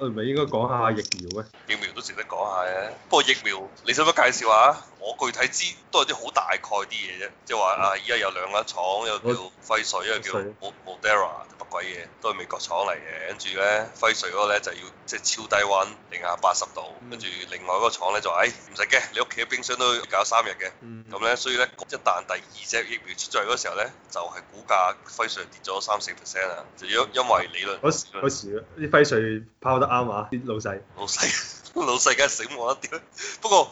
我哋唔係應該講下疫苗咩？都值得講下嘅。不過疫苗，你想唔想介紹下？我具體知都係啲好大概啲嘢啫。即係話啊，依家有兩間廠，一個叫輝瑞，一個叫 Moderna 乜鬼嘢，都係美國廠嚟嘅。跟住咧，輝瑞嗰個咧就要即係超低溫，零下八十度。跟住另外嗰個廠咧就唉，唔使驚，你屋企嘅冰箱都可以搞三日嘅。咁咧、嗯，所以咧一旦第二隻疫苗出咗嚟嗰時候咧，就係、是、股價輝瑞跌咗三四 percent 啊。就因因為理論嗰時嗰時啲輝瑞拋得啱啊啲老細。老細。 老細梗係醒我一啲， 不過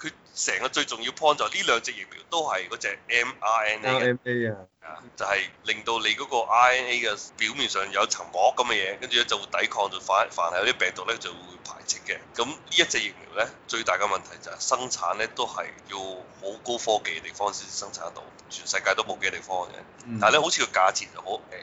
佢成個最重要 point 就係呢兩隻疫苗都係嗰隻 mRNA 嘅，啊就係令到你嗰個 RNA 嘅表面上有一層膜咁嘅嘢，跟住咧就會抵抗到凡凡係嗰啲病毒咧就會排斥嘅。咁呢一隻疫苗咧最大嘅問題就係生產咧都係要好高科技嘅地方先生產得到，全世界都冇幾地方嘅。但係咧好似個價錢就好平。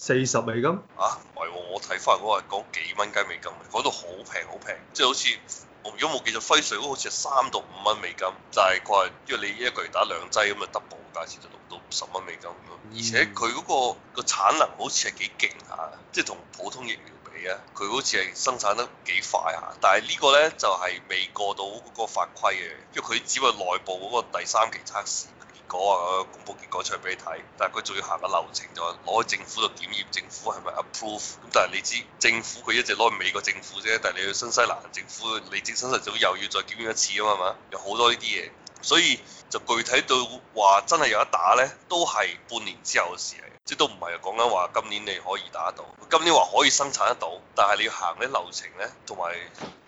四十美金？啊，唔係、哦、我睇翻嗰個嗰幾蚊雞美金，嗰度好平好平，即係好似我如果冇記錯，輝瑞好似係三到五蚊美金，就係佢因為你一個月打兩劑咁啊，double 價錢就六到十蚊美金咁咯。而且佢嗰、那個個產能好似係幾勁下，即係同普通疫苗比咧，佢好似係生產得幾快下。但係呢個咧就係、是、未過到嗰個法規嘅，因為佢只係內部嗰個第三期測試。果啊，公布結果出嚟俾你睇，但係佢仲要行個流程，就攞、是、去政府度檢驗。政府係咪 approve？咁但係你知政府佢一直攞去美國政府啫，但係你去新西蘭政府，你正新西蘭政府又要再檢驗一次啊嘛嘛，有好多呢啲嘢，所以。就具體到話真係有得打咧，都係半年之後嘅事嚟，即都唔係講緊話今年你可以打得到。今年話可以生產得到，但係你要行啲流程咧，同埋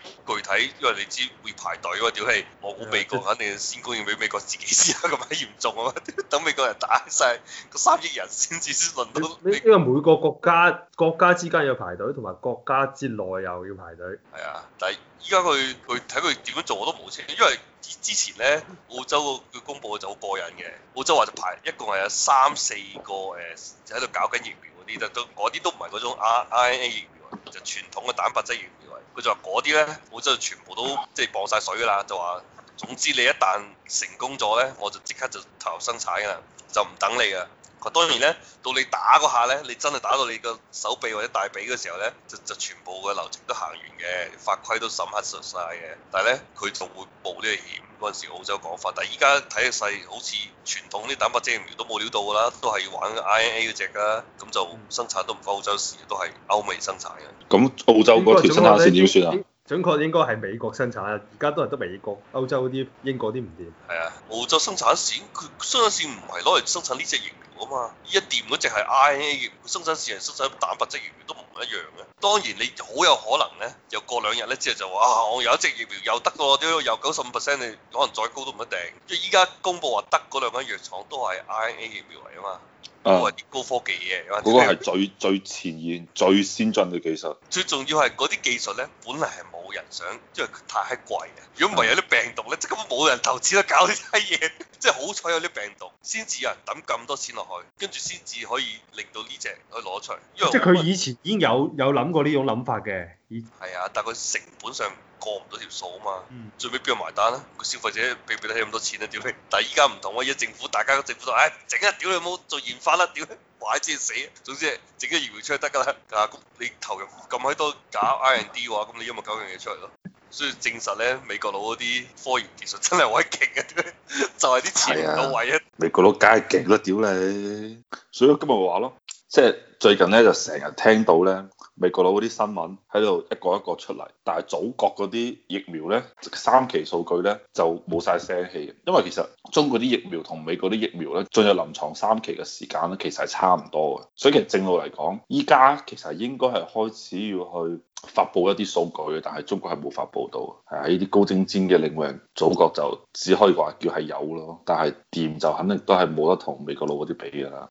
具體，因為你知會排隊喎。屌係，我估、啊、美國肯定、啊、先供應俾美國自己先啊，咁閪嚴重啊嘛， 等美國人打晒，三億人先至先輪到你。因為每個國家國家之間有排隊，同埋國家之內又要排隊。係啊，但係依家佢佢睇佢點樣做我都冇清，因為之前咧澳洲。佢公佈就好過癮嘅，澳洲話就排一共係有三四個就喺度搞緊疫苗嗰啲，都嗰啲都唔係嗰種 R RNA 疫苗，就是、傳統嘅蛋白質疫苗。佢就話嗰啲咧，澳洲全部都即係磅晒水㗎啦，就話、是、總之你一旦成功咗咧，我就即刻就投入生產㗎喇，就唔等你㗎。嗱，當然咧，到你打嗰下咧，你真係打到你個手臂或者大髀嘅時候咧，就就全部嘅流程都行完嘅，法規都審核實晒嘅。但係咧，佢就會冒呢個險，嗰陣時澳洲講法。但係而家睇嘅世好似傳統啲蛋白精疫苗都冇料到㗎啦，都係要玩 mRNA 嗰隻啊。咁就生產都唔翻澳洲時，都係歐美生產嘅。咁澳洲嗰條生產線點算啊？準確應該係美國生產啊！而家都係得美國、歐洲嗰啲、英國啲唔掂。係啊，澳洲生產線佢生產線唔係攞嚟生產呢隻疫苗啊嘛！依一掂嗰隻係 RNA 疫苗，佢生產線係生產蛋白質疫苗都唔一樣嘅。當然你好有可能咧，又過兩日咧，之後就話啊，我有一隻疫苗又得喎，都又九十五 percent，可能再高都唔一定。即係依家公佈話得嗰兩間藥廠都係 RNA 疫苗嚟啊嘛。高科技嘅，嗰個係最最前沿、最先進嘅技術。最重要係嗰啲技術咧，本嚟係冇人想，因為太係貴啊。如果唔係有啲病毒咧，即根本冇人投資得搞呢啲嘢。即係好彩有啲病毒，先至有人抌咁多錢落去，跟住先至可以令到呢隻去攞出嚟。因為即係佢以前已經有有諗過呢種諗法嘅。係 啊，但佢成本上過唔到條數啊嘛，最尾邊個埋單啊？個消費者俾唔俾得咁多錢啊？屌但係依家唔同啊，而家政府，大家個政府都，唉、哎，整一屌你冇做研發啦、啊，屌你，壞之、啊、死啊！總之係整啲燃料出嚟得噶啦。啊，你投入咁閪多搞 R&D 嘅話，咁你咪搞樣嘢出嚟咯。所以證實咧，美國佬嗰啲科研技術真係好閪勁嘅，就係、是、啲錢到位啊，啊。美國佬梗係勁啦，屌你！所以今日話咯，即係最近咧就成日聽到咧。美國佬嗰啲新聞喺度一個一個出嚟，但係祖國嗰啲疫苗呢，三期數據呢就冇晒聲氣，因為其實中國啲疫苗同美國啲疫苗呢，進入臨床三期嘅時間呢，其實係差唔多嘅，所以其實正路嚟講，依家其實應該係開始要去發布一啲數據嘅，但係中國係冇發布到，喺啲高精尖嘅領域，祖國就只可以話叫係有咯，但係掂就肯定都係冇得同美國佬嗰啲比㗎啦。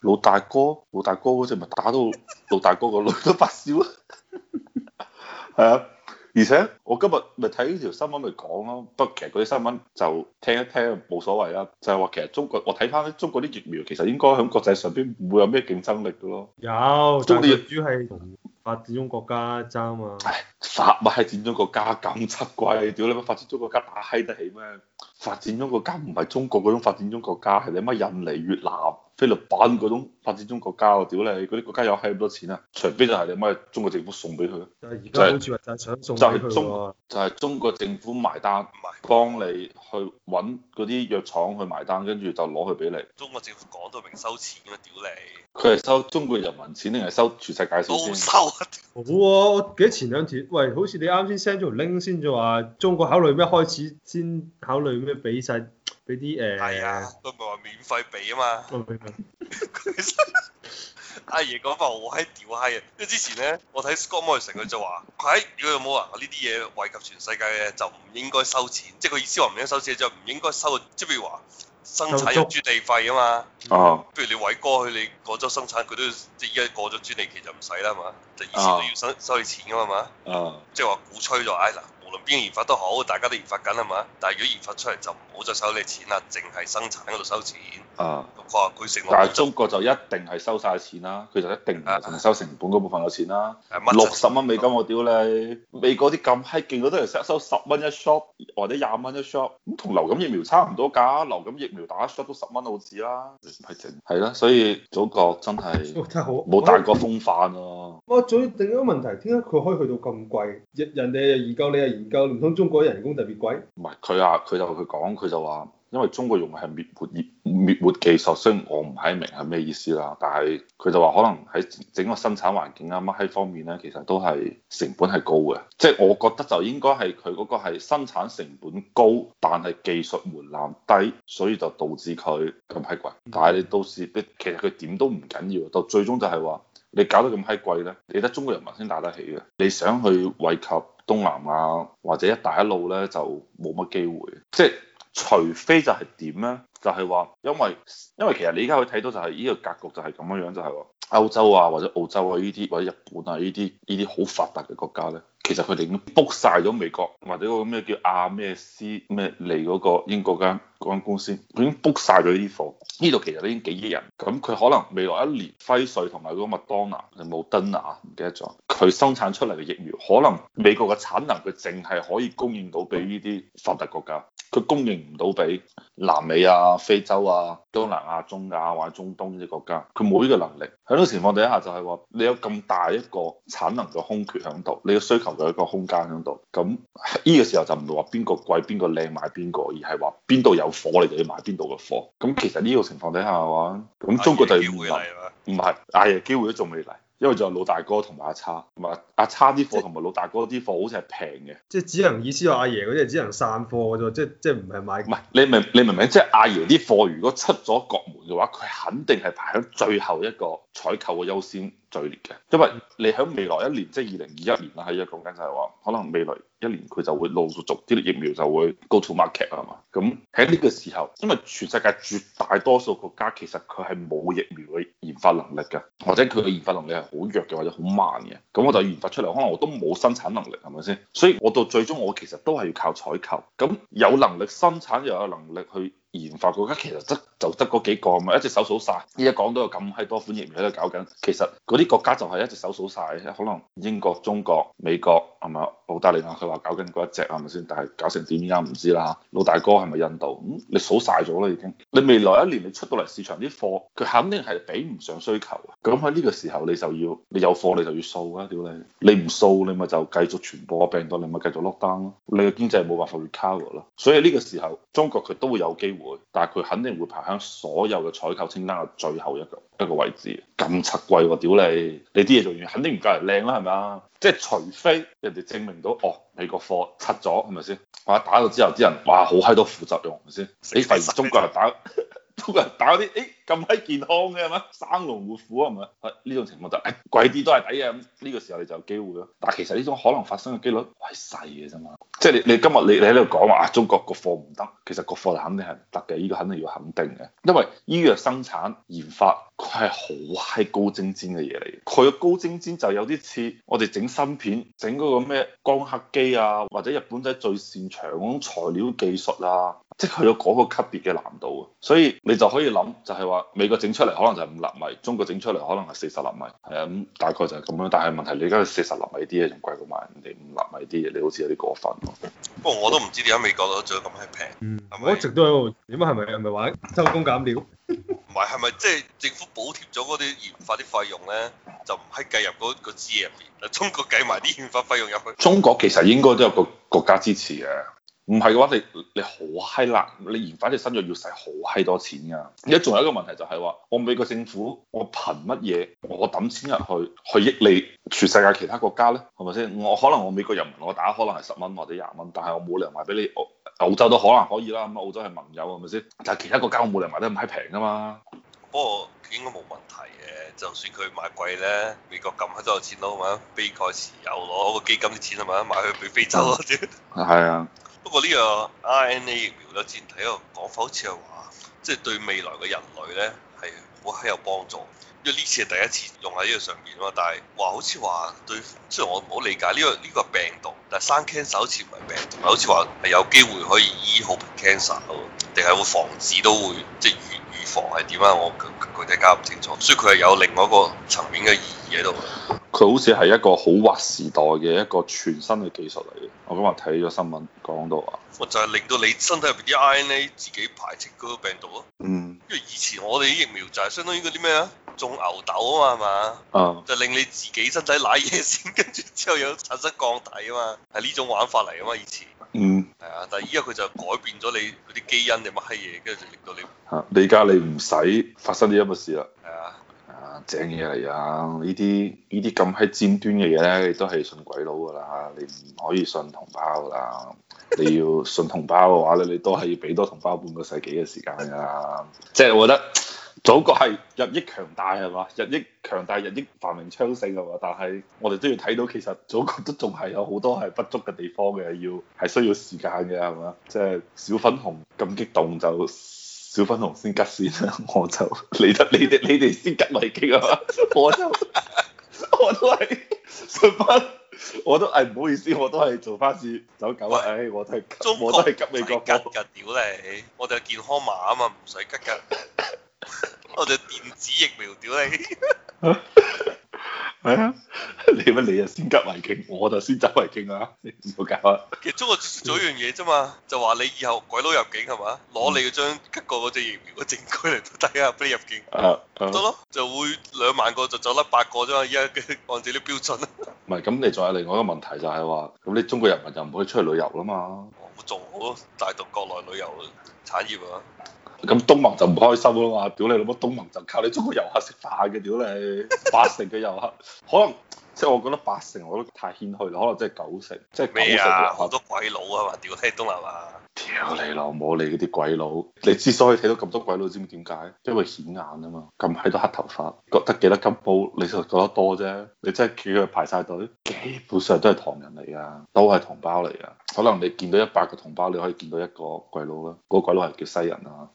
老大哥，老大哥嗰隻咪打到老大哥個女都發燒笑咯。係啊，而且我今日咪睇呢條新聞咪講咯，不過其實嗰啲新聞就聽一聽冇所謂啊，就係、是、話其實中國，我睇翻咧中國啲疫苗其實應該喺國際上邊唔會有咩競爭力嘅咯，有，中國啲疫苗係同發展中國家爭啊，唉，十咪係發展中國家咁七怪，屌你媽發展中國家打閪得起咩？發展中國家唔係中國嗰種發展中國家，係你媽印尼越南。菲律賓嗰種發展中國家啊，屌你，嗰啲國家有閪咁多錢啊，除非就係你媽中國政府送俾佢咯，就係而家好似話送俾就係中國政府埋單，唔係是幫你去揾嗰啲藥廠去埋單，跟住就攞佢俾你。中國政府講到明收錢啊，屌你！佢係收中國人民錢定係收全世界錢？冇收啊！好啊，記得前兩次，喂，好似你啱先 send 咗條 link 先就話中國考慮咩開始，先考慮咩俾曬俾啲誒。係啊，佢唔係話免費俾啊嘛。 阿爺、哎、講法我喺屌嗨啊！因為之前咧，我睇 Scott Morrison 佢就話，喺、哎、如果有冇話呢啲嘢惠及全世界嘅就唔應該收錢，即係佢意思話唔應該收錢就唔、是、應該收，即係譬如話生產入專利費啊嘛。哦。譬如你偉哥去你廣州生產，佢都即依家過咗專利期就唔使啦嘛，就是、以前都要收收你錢噶嘛嘛。嗯嗯、即係話鼓吹咗 i 無論邊個研發都好，大家都研發緊係嘛？但係如果研發出嚟就唔好再收你錢啦，淨係生產嗰度收錢。啊，佢成，但係中國就一定係收晒錢啦，佢、啊、就一定同收成本嗰部分嘅錢啦。六十蚊美金，我屌你！啊、美國啲咁閪勁嘅都係收十蚊一 shot，或者廿蚊一 shot，咁同流感疫苗差唔多價。流感疫苗打一 shot 都十蚊澳紙啦，係整、嗯。啦、嗯，所以中國真係真係好冇大國風範喎、啊。哇！我我我我最一個問題，點解佢可以去到咁貴？人人哋研究你、就是研究，唔通中國人工特別貴？唔係佢啊，佢就佢講，佢就話，因為中國用嘅係滅活熱滅活技術，雖然我唔係明係咩意思啦，但係佢就話可能喺整個生產環境啊乜喺方面咧，其實都係成本係高嘅，即係我覺得就應該係佢嗰個係生產成本高，但係技術門檻低，所以就導致佢咁閪貴。但係你到時其實佢點都唔緊要，到最終就係話。你搞得咁閪貴咧，你得中國人民先打得起嘅。你想去惠及東南亞或者一帶一路咧，就冇乜機會。即係除非就係點咧？就係話，因為因為其實你而家可以睇到就係呢個格局就係咁樣樣，就係歐洲啊或者澳洲啊呢啲或者日本啊呢啲呢啲好發達嘅國家咧，其實佢哋已經 book 晒咗美國或者嗰個咩叫亞咩斯咩嚟嗰個英國間嗰間公司，佢已經 book 晒咗呢啲貨。呢度其實已經幾億人，咁佢可能未來一年輝瑞同埋嗰個麥當娜定無登啊唔記得咗，佢生產出嚟嘅疫苗可能美國嘅產能佢淨係可以供應到俾呢啲發達國家。佢供應唔到俾南美啊、非洲啊、東南亞、中亞或者中東呢啲國家，佢冇呢個能力。喺呢個情況底下就，就係話你有咁大一個產能嘅空缺喺度，你嘅需求有一個空間喺度。咁呢個時候就唔會話邊個貴邊個靚買邊個，而係話邊度有貨你就要買邊度嘅貨。咁其實呢個情況底下嘅話，咁中國就唔係唔係，機會都仲未嚟。因為仲有老大哥同埋阿叉，同埋阿叉啲貨同埋老大哥啲貨好似係平嘅，即係只能意思話阿爺嗰啲係只能散貨嘅啫，即係即係唔係買唔係你明，你明唔明？即係阿爺啲貨如果出咗國門嘅話，佢肯定係排喺最後一個。採購嘅優先序列嘅，因為你喺未來一年，即係二零二一年啦，喺度講緊就係話，可能未來一年佢就會陸續啲疫苗就會 go to market，係嘛，咁喺呢個時候，因為全世界絕大多數國家其實佢係冇疫苗嘅研發能力嘅，或者佢嘅研發能力係好弱嘅，或者好慢嘅，咁我就研發出嚟，可能我都冇生產能力，係咪先？所以我到最終我其實都係要靠採購，咁有能力生產又有能力去。研發國家其實就得嗰幾個啊，一隻手數曬。依家講到咁閪多款疫苗喺度搞緊，其實嗰啲國家就係一隻手數曬，可能英國、中國、美國係咪？澳大利亞佢話搞緊嗰一隻係咪先？但係搞成點而家唔知啦。老大哥係咪印度？嗯，你數晒咗啦已經。你未來一年你出到嚟市場啲貨，佢肯定係比唔上需求。咁喺呢個時候你就要，你有貨你就要掃啊！屌你，你唔掃你咪就繼續傳播病毒，你咪繼續 lock down 咯。你嘅經濟冇辦法 recover 咯。所以呢個時候中國佢都會有機會，但係佢肯定會排向所有嘅採購清單嘅最後一個。一個位置咁七貴，屌你！你啲嘢做完肯定唔夠人靚啦，係咪啊？即係除非人哋證明到哦，你個貨拆咗係咪先？哇！打咗之後啲人哇，好閪多副作用，係咪先？死廢物，中國人打，中國人打嗰啲哎。咁閪健康嘅係咪生龍活虎啊係咪？呢種情況就誒、是哎、貴啲都係抵啊！咁呢個時候你就有機會咯。但係其實呢種可能發生嘅幾率係細嘅啫嘛。即係、就是、你你今日你你喺度講話啊中國個貨唔得，其實個貨肯定係唔得嘅。呢、這個肯定要肯定嘅，因為醫藥生產研發佢係好閪高精尖嘅嘢嚟。佢嘅高精尖就有啲似我哋整芯片、整嗰個咩光刻機啊，或者日本仔最擅長嗰種材料技術啊，即係佢有嗰個級別嘅難度、啊。所以你就可以諗就係話。美國整出嚟可能就係五納米，中國整出嚟可能係四十納米，係啊，咁大概就係咁樣，但係問題你而家四十納米啲嘢仲貴過賣人哋五納米啲嘢，你好似有啲過分、啊。不過、哦、我都唔知點解美國都做咁閪平，咪、嗯、一直都喺度點解？係咪係咪玩偷工減料？唔係，係咪即係政府補貼咗嗰啲研發啲費用咧，就唔係計入嗰個支入邊？中國計埋啲研發費用入去，中國其實應該都有個國家支持嘅。唔係嘅話，你你好閪難，你研發啲新藥要使好閪多錢㗎。而家仲有一個問題就係話，我美國政府我憑乜嘢我抌錢入去去益你全世界其他國家咧？係咪先？我可能我美國人民我打可能係十蚊或者廿蚊，但係我冇理由賣俾你。澳洲都可能可以啦，咁澳洲係盟友係咪先？但係其他國家我冇理由賣得咁閪平㗎嘛。不過應該冇問題嘅，就算佢賣貴咧，美國撳喺度有錢攞啊嘛，美國持有攞個基金啲錢係咪啊，買去俾非洲啊？係啊。不過呢個 RNA 疫苗咧，之前喺度講，好似話，即係對未來嘅人類咧係好閪有幫助，因為呢次係第一次用喺呢個上邊啊嘛。但係話好似話對，雖然我唔好理解，呢個呢個係病毒，但係生 cancer 好似唔係病毒，好似話係有機會可以醫好 cancer 喎，定係會防止都會即係預預防係點啊？我具體搞唔清楚，所以佢係有另外一個層面嘅意義喺度。佢好似係一個好劃時代嘅一個全新嘅技術嚟嘅，我今日睇咗新聞講到話，我就係令到你身體入邊啲 RNA 自己排斥嗰個病毒咯。嗯，因為以前我哋啲疫苗就係相當於嗰啲咩啊，種牛痘啊嘛，係嘛、嗯？啊，就令你自己身體瀨嘢先，跟 住之後有產生降體啊嘛，係呢種玩法嚟啊嘛，以前。嗯。係啊，但係依家佢就改變咗你嗰啲基因定乜閪嘢，跟住就令到你嚇，你而家你唔使發生呢一個事啦。係啊。正嘢嚟啊！這這呢啲呢啲咁喺尖端嘅嘢咧，你都係信鬼佬噶啦！你唔可以信同胞噶啦！你要信同胞嘅話咧，你都係要俾多同胞半個世紀嘅時間噶、啊。即係 我覺得祖國係日益強大，係嘛，日益強大、日益繁榮昌盛係嘛。但係我哋都要睇到，其實祖國都仲係有好多係不足嘅地方嘅，要係需要時間嘅係嘛。即係、就是、小粉紅咁激動就。小粉紅先吉先啦，我就你得你哋你哋先吉危機啊！我就我都係做翻，我都唉唔、哎、好意思，我都係做翻次走狗啊！唉、哎，我都係中國 我都係吉美國，吉噶屌你！我哋有健康碼啊嘛，唔使吉噶， 我哋電子疫苗屌你。 係啊， 你乜你啊先急為警，我就先走為警啊，你唔好搞啊？其實中國做一樣嘢啫嘛，就話你以後鬼佬入境係嘛，攞、嗯、你嘅張吉過嗰隻疫苗嘅證據嚟睇下，俾你入境得咯，就會兩萬個就走甩八個啫嘛，依家按照啲標準。唔係，咁你仲有另外一個問題就係話，咁你中國人民就唔可以出去旅遊啦嘛？我做好帶動國內旅遊產業啊！咁東盟就唔開心咯嘛，屌你老母。東盟就靠你中國遊客食飯嘅，屌你， 八成嘅遊客，可能即係、就是、我覺得八成我都太謙虛啦，可能即係九成，即、就、係、是、九成遊客好多鬼佬啊嘛，屌你東南亞！屌你老母！你嗰啲鬼佬，你之所以睇到咁多鬼佬，知唔知點解？因為顯眼啊嘛，咁喺多黑頭髮，覺得幾多金煲，你就覺得多啫。你真係企去排晒隊，基本上都係唐人嚟㗎，都係同胞嚟㗎。可能你見到一百個同胞，你可以見到一個鬼佬咯。嗰個鬼佬係叫西人啊。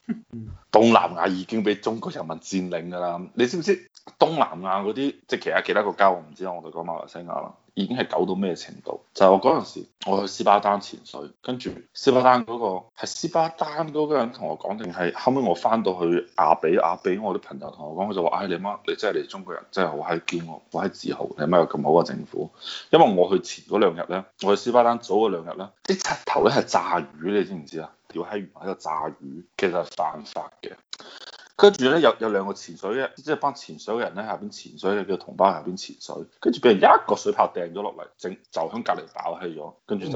東南亞已經俾中國人民佔領㗎啦。你知唔知東南亞嗰啲即係其他其他國家？我唔知啊，我哋講馬來西亞啦。已經係久到咩程度？就係、是、我嗰陣時我去斯巴丹潛水，跟住斯巴丹嗰、那個係斯巴丹嗰個人同我講，定係後尾我翻到去亞比亞比，我啲朋友同我講，佢就話：唉、哎，你媽！你真係你中國人真係好閪驕傲，好閪自豪！你媽有咁好嘅政府。因為我去前嗰兩日呢，我去斯巴丹早嗰兩日呢，啲柒頭呢係炸魚，你知唔知啊？釣喺魚喺度炸魚，其實係犯法嘅。跟住咧有有兩個潛水嘅，即係班潛水嘅人咧下邊潛水嘅叫同胞下邊潛水，跟住俾人一個水泡掟咗落嚟，整就喺隔離爆氣咗，跟住就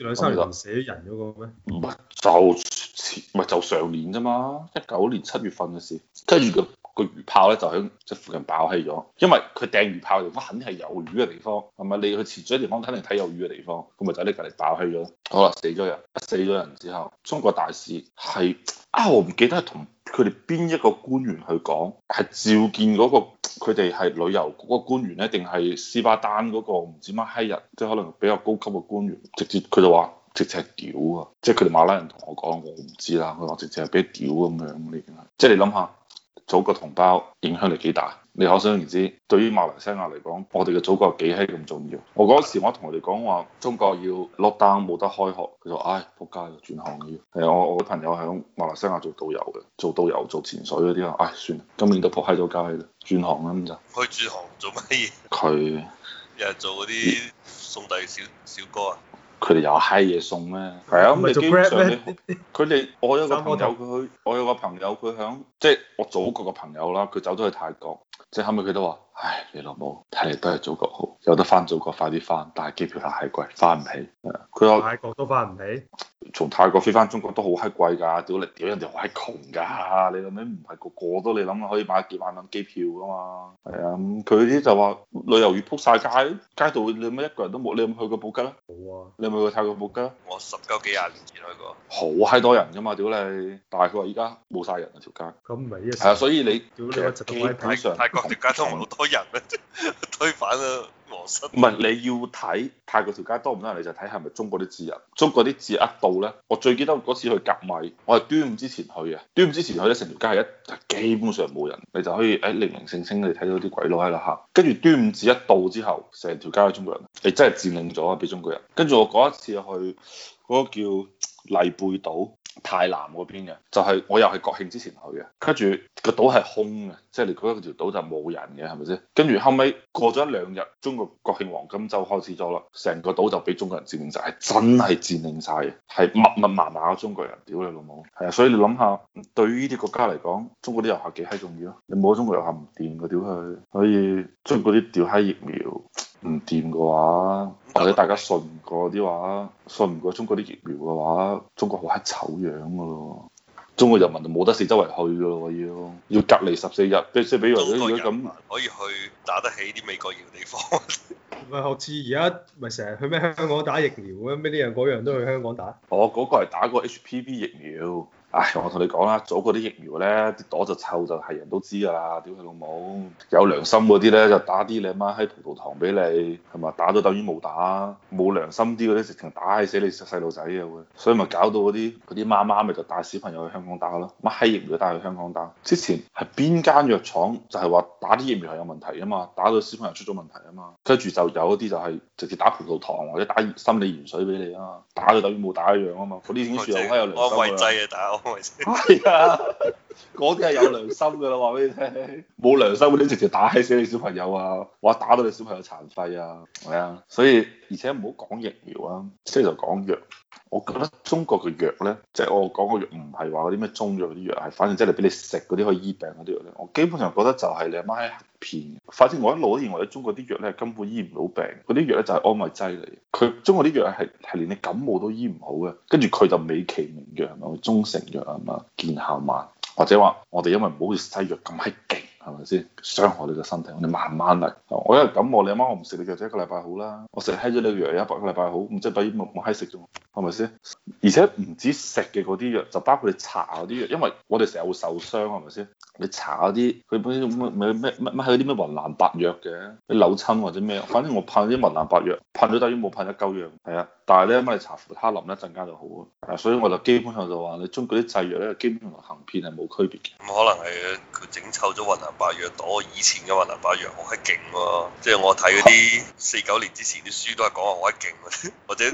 兩三年死咗人嗰個咩？唔係就前唔係就上年啫嘛，一九年七月份嘅事，跟住個。個魚炮咧就喺即附近爆氣咗，因為佢掟魚炮嘅地方肯定係有魚嘅地方，係咪？你去潛水嘅地方，肯定睇有魚嘅地方，咁咪就喺呢隔離爆氣咗。好啦，死咗人，死咗人之後，中國大使係啊，我唔記得係同佢哋邊一個官員去講，係召見嗰個佢哋係旅遊局個官員咧，定係斯巴丹嗰個唔知乜閪人，即係可能比較高級嘅官員，直接佢就話直接係屌啊！即係佢哋馬拉人同我講，我唔知啦。佢話直接係俾屌咁、啊、樣，即你即係你諗下。祖國同胞影響力幾大？你可想而知，對於馬來西亞嚟講，我哋嘅祖國係幾閪咁重要。我嗰時我同佢哋講話，中國要 lock down 冇得開學，佢就唉，撲街轉行要。係啊，我我個朋友喺馬來西亞做導遊嘅，做導遊做潛水嗰啲啊，唉、哎、算啦，今年都撲閪咗街啦，轉行啦咁就。去轉行做乜嘢？佢日他日做嗰啲送遞小小哥啊。佢哋有閪嘢送咩？係啊，咁你基本上你佢哋，我有個朋友佢， 我有個朋友佢響，即係我祖國嘅朋友啦，佢走咗去泰國，即係後尾佢都話，唉，你老母，睇嚟都係祖國好，有得翻祖國快啲翻，但係機票太貴，翻唔起，啊，佢話泰國都翻唔起。從泰國飛翻中國都好閪貴噶，屌你屌人哋好閪窮噶，你諗唔係個個都你諗可以買幾萬蚊機票噶嘛？係啊，佢啲就話旅遊業撲晒街，街道你諗一個人都冇，你有冇去過布吉啊？冇啊，你有冇去過泰國布吉啊？我十九幾廿年前去過，好閪多人噶嘛，屌你，但係佢話依家冇晒人啊，條、這個、街，咁咪係啊，所以你實你一直喺泰泰國條街都唔係好多人啊，推翻啦。 唔係，你要睇泰國條街多唔多人，你就睇係咪中國啲字入。中國啲字一到呢，我最記得嗰次去甲米，我係端午之前去嘅。端午之前去咧，成條街係一基本上冇人，你就可以誒零零星星你睇到啲鬼佬喺度行。跟住端午節一到之後，成條街係中國人，你真係佔領咗俾中國人。跟住我嗰一次去嗰、嗰個叫麗貝島。泰南嗰邊嘅，就係、是、我又係國慶之前去嘅，跟住個島係空嘅，即係你覺得條島就冇人嘅，係咪先？跟住後尾過咗一兩日，中國國慶黃金周開始咗啦，成個島就俾中國人佔領晒。係真係佔領晒，嘅，係密密麻麻嘅中國人，屌你老母！係啊，所以你諗下，對呢啲國家嚟講，中國啲遊客幾閪重要咯，你冇中國遊客唔掂嘅，屌佢！所以將嗰啲屌閪疫苗。唔掂嘅話，或者大家信唔過啲話，信唔過中國啲疫苗嘅話，中國好乞醜樣嘅咯。中國人民就冇得四周圍去嘅咯，要要隔離十四日。即係比如如果咁可以去打得起啲美國疫苗地方，唔係好似而家咪成日去咩香港打疫苗咩？呢樣嗰樣都去香港打。哦，嗰、那個係打過 H P V 疫苗。唉，我同你講啦，早嗰啲疫苗咧，啲朵就臭就係人都知噶啦。屌佢老母有良心嗰啲咧，就打啲你阿媽閪葡萄糖俾你，係咪？打咗等於冇打。冇良心啲嗰啲直情打死你細路仔嘅會，所以咪搞到嗰啲嗰啲媽媽咪就帶小朋友去香港打咯，媽閪疫苗帶去香港打。之前係邊間藥廠就係話打啲疫苗係有問題啊嘛，打到小朋友出咗問題啊嘛。跟住就有一啲就係直接打葡萄糖或者打生理鹽水俾你啊，打咗等於冇打一樣啊嘛。嗰啲醫院點解有良心嘅？安係啊，嗰啲係有良心噶啦，話俾你聽。冇 良心嗰啲直接打死你小朋友啊，話打到你小朋友殘廢啊，係啊。所以而且唔好講疫苗啊，即係就講藥。我覺得中國嘅藥咧，即係我講個藥唔係話嗰啲咩中藥啲藥，係反正即係俾你食嗰啲可以醫病嗰啲藥咧。我基本上覺得就係你阿媽喺片，反正我一路都認為中國啲藥咧根本醫唔到病，嗰啲藥咧就係安慰劑嚟嘅。佢中國啲藥係係連你感冒都醫唔好嘅，跟住佢就美其名曰係咪中成藥啊嘛，見效慢或者話我哋因為唔好好似西藥咁閪勁。係咪先傷害你嘅身體？我哋慢慢嚟。我因為感冒，你阿媽，媽你我唔食你藥一，一個禮拜好啦。我食閪咗你個藥，一百個禮拜好，唔知等於冇嗨食啫。係咪先？而且唔止食嘅嗰啲藥，就包括你搽嗰啲藥，因為我哋成日會受傷，係咪先？你搽嗰啲佢本身咩咩咩係嗰啲咩雲南白藥嘅，你扭親或者咩，反正我噴啲雲南白藥，噴咗等於冇噴一嚿藥。係啊，但係咧一媽你搽扶他林一陣間就好啊。所以我就基本上就話你中嗰啲製藥咧，基本上同行騙係冇區別嘅。咁可能係佢整臭咗白羊，我以前噶嘛，白羊好閪勁喎，即係我睇嗰啲四九年之前啲書都係講話，好閪勁，或者。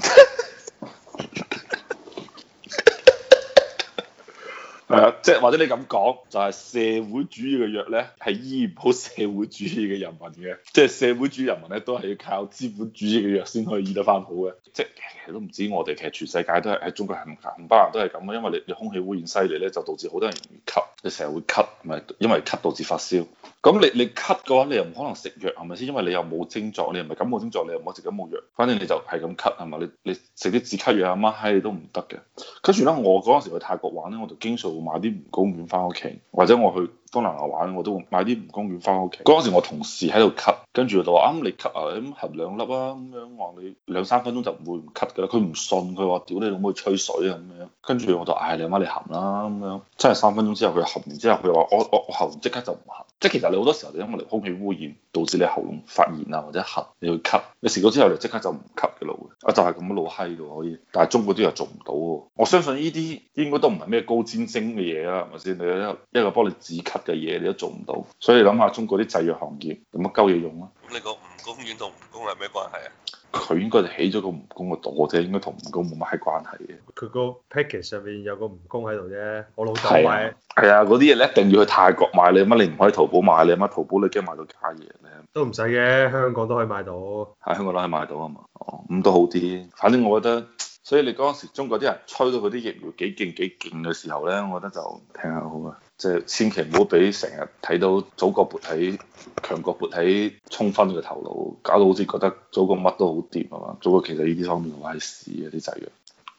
即係或者你咁講，就係、是、社會主義嘅藥咧，係醫唔好社會主義嘅人民嘅，即、就、係、是、社會主義人民咧，都係要靠資本主義嘅藥先可以醫得翻好嘅。即係都唔知，我哋，其實全世界都係喺中國係唔唔冚唪唥都係咁嘅，因為你你空氣污染犀利咧，就導致好多人容易咳，你成日會咳，咪因為咳導致發燒。咁你你咳嘅話，你又唔可能食藥係咪先？因為你又冇症狀，你又唔係感冒症狀，你又唔可以食感冒藥。反正你就係咁咳係嘛？你你食啲止咳藥阿媽閪你都唔得嘅。跟住咧，我嗰陣時去泰國玩咧，我就經常會買啲。蜈蚣丸翻屋企，或者我去東南亞玩，我都買啲蜈蚣丸翻屋企。嗰陣時我同事喺度咳。跟住我就話：啱，你咳啊，咁含兩粒啊，咁樣我話你兩三分鐘就唔會唔咳嘅啦。佢唔信，佢話：屌你老母，吹水啊咁樣。跟住我就：嗌你阿媽你含啦咁樣。真係三分鐘之後佢含完之後，佢話：我我我含即刻就唔含。即係其實你好多時候就因為你空氣污染導致你喉嚨發炎啊，或者含你要咳。你食咗之後你即刻就唔咳嘅嘞喎，就係、是、咁樣老閪嘅可以。但係中國啲人做唔到喎。我相信呢啲應該都唔係咩高尖精嘅嘢啦，係咪先？你一個一個幫你止咳嘅嘢，你都做唔到。所以你諗下中國啲製藥行業有乜鳩嘢用？咁你個蜈蚣丸同蜈蚣有咩關係啊？佢應該係起咗個蜈蚣嘅朵啫，應該同蜈蚣冇乜閪關係嘅。佢個 package 上面有個蜈蚣喺度啫，我老豆買。係啊，嗰啲嘢咧一定要去泰國買你，乜你唔可以淘寶買你，乜淘寶你驚買到假嘢咧？都唔使嘅，香港都可以買到。喺、啊、香港都可以買到啊嘛。哦，咁都好啲，反正我覺得。所以你嗰陣時，中國啲人吹到佢啲疫苗幾勁幾勁嘅時候咧，我覺得就聽下好啊，即係千祈唔好俾成日睇到祖國勃起強國勃起衝昏咗個頭腦，搞到好似覺得祖國乜都好掂啊嘛！祖國其實呢啲方面好係屎啊啲仔嘅。